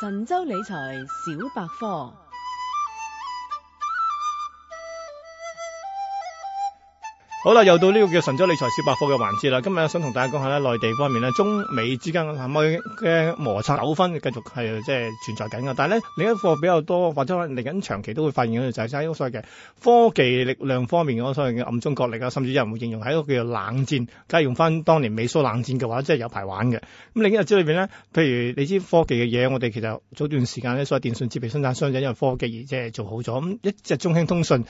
神州理財小百科。好啦，又到呢個叫神州理財小百科嘅環節啦。今日想同大家講下咧，內地方面咧，中美之間係咪嘅摩擦糾紛繼續係即係存在緊嘅？但係咧，另一個比較多或者可能嚟緊長期都會發現嘅就係即係所謂嘅科技力量方面嗰所謂嘅暗中角力啊，甚至有人會形容喺嗰個叫做冷戰，假如用翻當年美蘇冷戰嘅話，即係有排玩嘅。咁另一支裏邊咧，譬如你知科技嘅嘢，我哋其實早段時間咧，所謂電信設備生產商，就因為科技而即係做好咗，咁一隻中興通訊。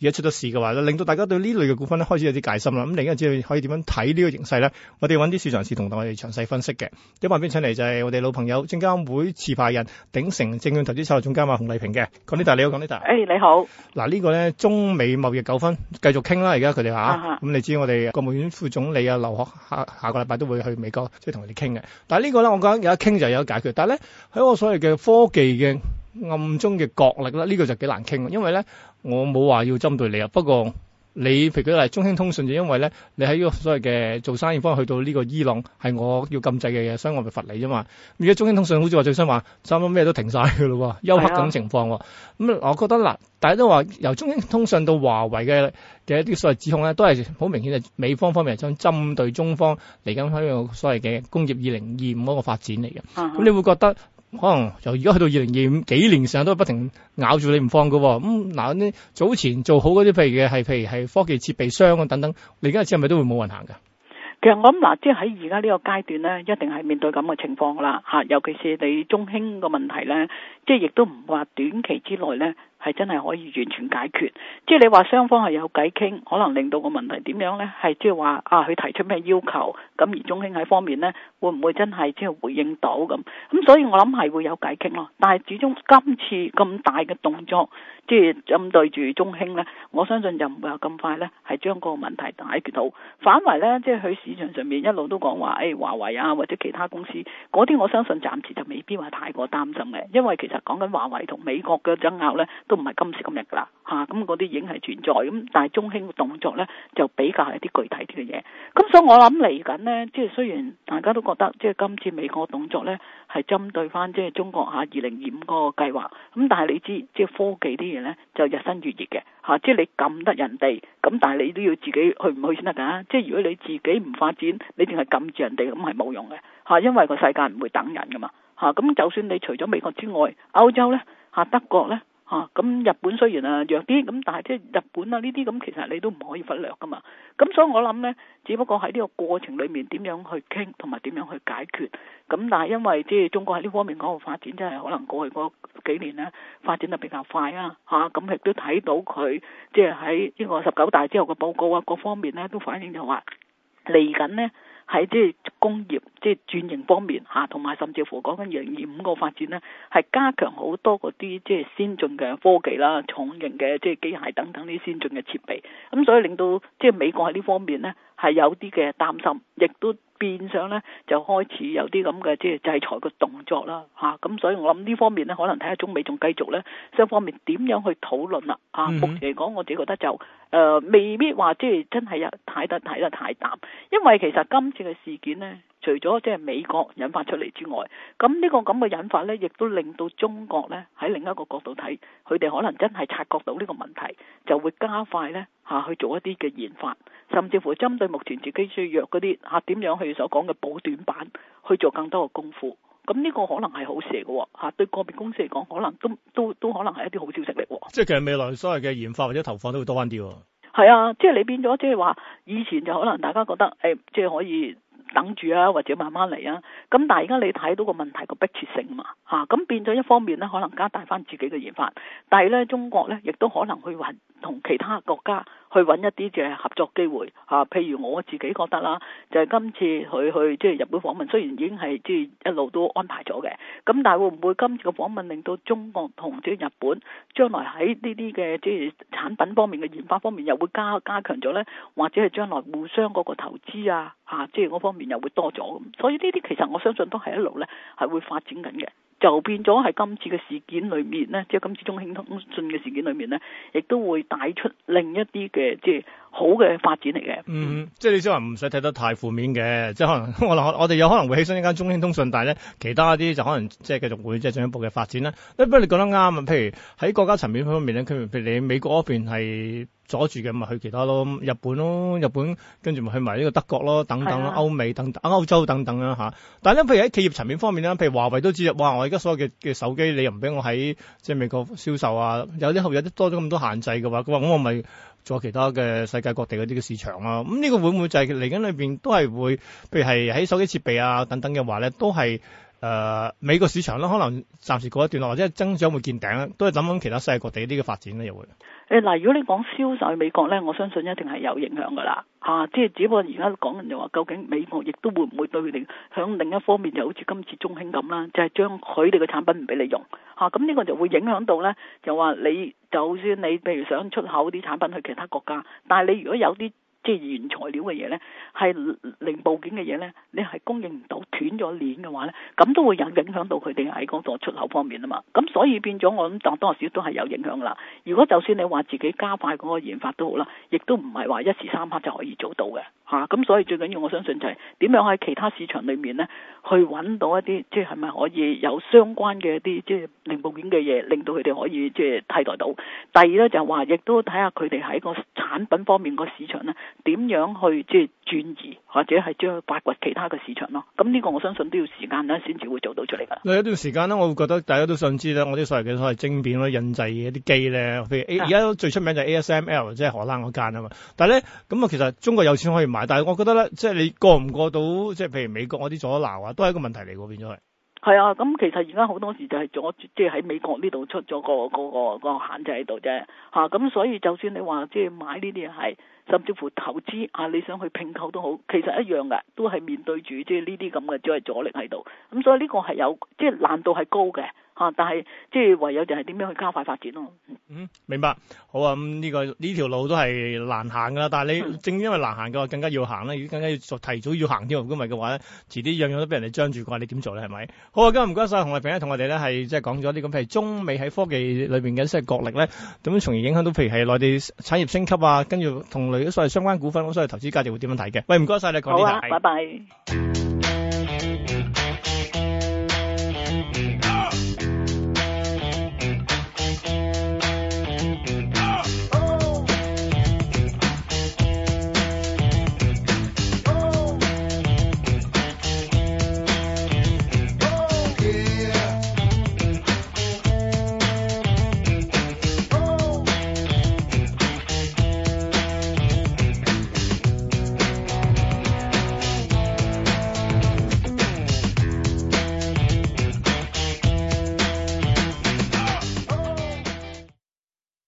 而家出咗事嘅話，令到大家對呢類嘅股份咧，開始有啲戒心啦。咁、嗯、你而家知道可以點樣睇呢個形勢咧？我哋揾啲市場人士同同我哋詳細分析嘅。咁啊，邊請嚟就係我哋老朋友證監會持牌人鼎成證券投資策略總監嘛，熊麗萍嘅。講呢，大，你講啲大。誒，你好。嗱，哎、你好個呢個咧中美貿易糾紛繼續傾啦。而家佢哋嚇咁，你知我哋國務院副總理啊劉鶴下下個禮拜都會去美國，即係同佢哋傾嘅。但係呢個咧，我覺得有得傾就有得解決。但係咧喺我所謂嘅科技嘅。暗中嘅角力啦，呢、這個就幾難傾。因為咧，我冇話要針對你啊。不過你譬如舉例中興通訊，就因為咧，你喺呢個所謂嘅做生意方去到呢個伊朗，係我要禁制嘅嘢，所以我咪罰你啫嘛。如果中興通訊好似話最新話三蚊咩都停曬嘅咯，休克噉情況。咁、啊嗯、我覺得嗱，大家都話由中興通訊到華為嘅嘅一啲所謂指控咧，都係好明顯係美方方面想針對中方嚟緊喺個所謂嘅工業二零二五嗰個發展嚟嘅。咁、啊、你會覺得？可能由而家去到二零二五，幾年時間都不停咬住你唔放噶、哦。咁、嗯、嗱，呢早前做好嗰啲，譬如嘅係譬如係科技設備商啊等等，你而家之後係咪都會冇人行噶？其實我諗嗱，即係喺而家呢個階段咧，一定係面對咁嘅情況噶啦。吓、啊，尤其是你中興個問題咧，即係亦都唔話短期之內咧。係真係可以完全解決，即係你話雙方係有偈傾，可能令到個問題點樣呢？係即係話啊，佢提出咩要求，咁而中興喺方面呢，會唔會真係即係回應到咁？咁所以我諗係會有偈傾咯。但係始終今次咁大嘅動作，即係針對住中興呢，我相信就唔會有咁快呢係將嗰個問題解決到。反為呢，即係佢市場上面一路都講話，誒、哎，華為啊，或者其他公司嗰啲，我相信暫時就未必話太過擔心嘅，因為其實講緊華為同美國嘅爭拗呢。都唔係今時今日㗎啦，嚇咁嗰啲已經係存在咁，但係中興嘅動作呢就比較係一啲具體啲嘅嘢。咁所以我諗嚟緊呢，即係雖然大家都覺得即係今次美國動作呢係針對翻即係中國嚇二零二五嗰個計劃，咁但係你知即係科技啲嘢呢就日新月異嘅嚇，即係你撳得人哋咁，但係你都要自己去唔去先得㗎。即係如果你自己唔發展，你淨係撳住人哋咁係冇用嘅嚇、啊，因為個世界唔會等人㗎嘛嚇。咁、啊、就算你除咗美國之外，歐洲呢，嚇、啊、德國呢。嚇，咁日本雖然啊弱啲，咁但係即係日本啊呢啲咁，其實你都唔可以忽略噶嘛。咁所以我諗呢，只不過喺呢個過程裏面點樣去傾，同埋點樣去解決。咁但係因為即係中國喺呢方面嗰個發展，真係可能過去嗰幾年呢發展得比較快啊。嚇，咁亦都睇到佢即係喺呢個十九大之後嘅報告啊，各方面呢都反映就話嚟緊呢，喺即係工業即係轉型方面嚇，同埋甚至乎講緊二零二五個發展咧，係加強好多嗰啲即係先進嘅科技啦、重型嘅即係機械等等呢啲先進嘅設備，咁所以令到即係美國喺呢方面咧係有啲嘅擔心，亦都，變相咧就開始有啲咁嘅即係制裁嘅動作啦，吓咁所以我諗呢方面咧可能睇下中美仲繼續咧，雙方面點樣去討論啦，吓目前嚟講我自己覺得就誒未必話即係真係有睇得睇得太淡，因為其實今次嘅事件咧，除咗即係美國引發出嚟之外，咁呢個咁嘅引發咧，亦都令到中國咧喺另一個角度睇，佢哋可能真係察覺到呢個問題，就會加快咧吓去做一啲嘅研發，甚至乎針對目前自己最弱嗰啲吓點樣去。你所講嘅補短板去做更多嘅功夫，咁、這、呢個可能係好事嚟嘅吓，對個別公司嚟講可能都都都可能係一啲好消息嚟，即係其實未來所謂嘅研發或者投放都會多翻啲。係啊，即係你變咗，即係話以前就可能大家覺得誒、哎，即係可以等住啊，或者慢慢嚟啊，咁但係而家你睇到個問題個迫切性嘛吓，咁、啊、變咗一方面咧可能加大翻自己嘅研發，但係咧中國咧亦都可能去還同其他國家去揾一啲嘅合作機會嚇、啊，譬如我自己覺得啦，就係、是、今次佢去即係、就是、日本訪問，雖然已經係即係一路都安排咗嘅，咁但係會唔會今次嘅訪問令到中國同即、就是、日本將來喺呢啲嘅即係產品方面嘅研發方面又會加加強咗呢？或者係將來互相嗰個投資啊嚇，即係嗰方面又會多咗咁，所以呢啲其實我相信都係一路呢係會發展緊嘅。就變咗喺今次嘅事件裏面咧，即係今次中興通訊嘅事件裏面咧，亦都會帶出另一啲嘅即係好嘅發展嚟嘅。嗯，即係你先話唔使睇得太負面嘅，即係可能我我哋有可能會犧牲呢間中興通訊，但係咧其他一啲就可能即係繼續會即係進一步嘅發展咧。不如你講得啱啊，譬如喺國家層面方面咧，譬如譬如你美國嗰邊係。阻住嘅咪去其他咯，日本咯，日本跟住咪去埋呢個德國咯，等等歐、啊、美等等啊歐洲等等啦、啊、嚇。但係咧，譬如喺企業層面方面咧，譬如華為都知啦，哇！我而家所有嘅嘅手機你又唔俾我喺即係美國銷售啊，有啲後有啲多咗咁多限制嘅話，佢話咁我咪做其他嘅世界各地嗰啲嘅市場啦、啊。咁、嗯、呢、呢個會唔會就係嚟緊裏邊都係會，譬如係喺手機設備啊等等嘅話咧，都係。誒、呃，美國市場咧，可能暫時過一段落，或者增長會見頂咧，都係諗緊其他世界各地啲嘅發展咧，又會誒嗱，如果你講銷售去美國咧，我相信一定係有影響噶啦，吓、啊，即係只不過而家講緊就話，究竟美國亦都會唔會對佢哋響另一方面，就好似今次中興咁啦，就係將佢哋嘅產品唔俾你用，吓、啊，咁呢個就會影響到咧，就話你就算你譬如想出口啲產品去其他國家，但係你如果有啲。即係原材料嘅嘢咧，係零部件嘅嘢咧，你係供應唔到斷咗鏈嘅話咧，咁都會有影響到佢哋喺嗰度出口方面啊嘛。咁所以變咗我諗，當多少都係有影響啦。如果就算你話自己加快嗰個研發都好啦，亦都唔係話一時三刻就可以做到嘅。嚇咁、啊、所以最緊要我相信就係點樣喺其他市場裏面咧，去揾到一啲即係係咪可以有相關嘅一啲即係零部件嘅嘢，令到佢哋可以即係替代到。第二咧就係、是、話，亦都睇下佢哋喺個產品方面個市場咧，點樣去即係轉移，或者係將去挖掘其他嘅市場咯。咁、嗯、呢、這個我相信都要時間咧，先至會做到出嚟㗎。嗱，一段時間咧，我會覺得大家都想知咧，我啲所謂嘅所謂晶片咧、印製嘅一啲機咧，譬如而家的最出名就係 ASML 即係荷蘭嗰間啊嘛。但係咧咁啊，其實中國有錢可以買。但係我覺得咧，即係你過唔過到，即係譬如美國嗰啲阻撓啊，都係一個問題嚟嘅，變咗係。係啊，咁其實而家好多時就係阻，即係喺美國呢度出咗個個個限制喺度啫。吓，啊，咁所以就算你話即係買呢啲嘢係，甚至乎投資啊，你想去併購都好，其實一樣嘅，都係面對住即係呢啲咁嘅，即係阻力喺度。咁所以呢個係有，即係難度係高嘅。啊！但係即係唯有就係點樣去加快發展咯。嗯，明白。好啊，咁、嗯、呢、這個呢條路都係難行噶啦。但係你、嗯、正因為難行嘅話，更加要行啦。如果更加要提早要行添，如果唔係嘅話咧，遲啲樣樣都俾人哋將住嘅話，你點做咧？係咪？好啊，今日唔該晒，熊麗萍咧，同我哋咧係即係講咗啲咁譬如中美喺科技裏邊嘅即係角力咧，咁樣從而影響到譬如係內地產業升級啊，跟住同類所謂相關股份所謂投資價值會點樣睇嘅？喂，唔該晒你講啲嘢。拜拜。